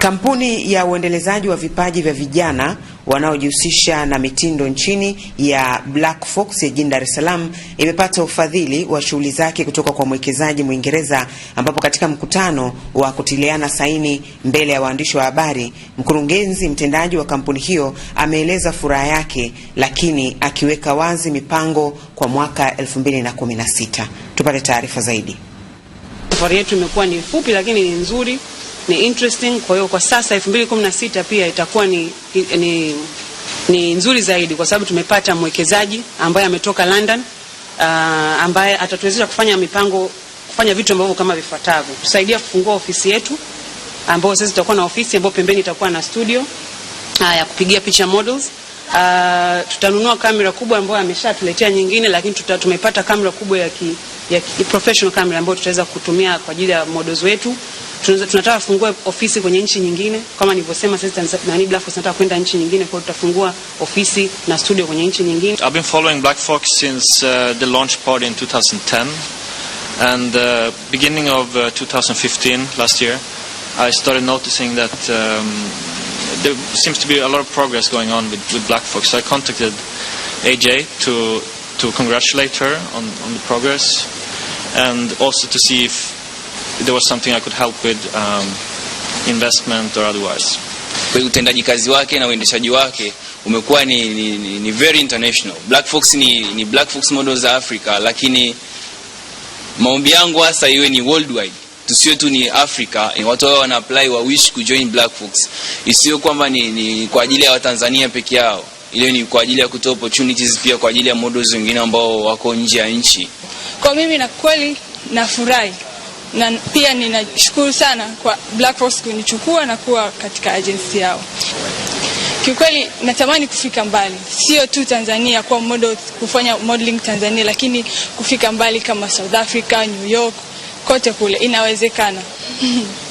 Kampuni ya uendelezaji wa vipaji vya vijana wanaojihusisha na mitindo nchini ya Black Fox jijini Dar es Salaam imepata ufadhili wa shughuli zake kutoka kwa mwekezaji Mwingereza, ambapo katika mkutano wa kutiliana saini mbele ya waandishi wa habari, mkurugenzi mtendaji wa kampuni hiyo ameeleza furaha yake, lakini akiweka wazi mipango kwa mwaka 2016. Tupate taarifa zaidi. Safari yetu imekuwa ni fupi, lakini ni nzuri ni interesting. Kwa hiyo kwa sasa 2016 pia itakuwa ni, ni, ni nzuri zaidi kwa sababu tumepata mwekezaji ambaye ametoka London uh, ambaye atatuwezesha kufanya mipango, kufanya vitu ambavyo kama vifuatavyo: tusaidia kufungua ofisi yetu ambayo sasa tutakuwa na ofisi ambayo pembeni itakuwa na studio uh, ya kupigia picha models Uh, tutanunua kamera kubwa ambayo ameshatuletea nyingine, lakini tuta, tumepata kamera kubwa ya ki, ya ki, professional camera ambayo tutaweza kutumia kwa ajili ya models wetu tunataka kufungua ofisi kwenye nchi nyingine, kama nilivyosema, sisi nani Black tunataka kwenda nchi nyingine, kwa tutafungua ofisi na studio kwenye nchi nyingine. I've been following Black Fox since uh, the launch party in 2010 and uh, beginning of uh, 2015 last year I started noticing that um, there seems to be a lot of progress going on with, with Black Fox. So I contacted AJ to to congratulate her on, on the progress and also to see if there was something I could help with um, investment or otherwise. Kwa utendaji kazi wake na uendeshaji wake umekuwa ni, ni, ni, ni very international. Black Fox ni, ni Black Fox model za Africa, lakini maombi yangu hasa iwe ni worldwide, tusiwe tu ni Africa. Watu wao wana apply wa wish kujoin Black Fox, isiyo kwamba ni, ni kwa ajili ya Watanzania peke yao. Ile ni kwa ajili ya kutoa opportunities pia kwa ajili ya models wengine ambao wako nje ya nchi. Kwa mimi na kweli nafurahi na pia ninashukuru sana kwa Black Rose kunichukua na kuwa katika agency yao. Kiukweli natamani kufika mbali, sio tu Tanzania kwa model, kufanya modeling Tanzania, lakini kufika mbali kama South Africa, New York, kote kule inawezekana.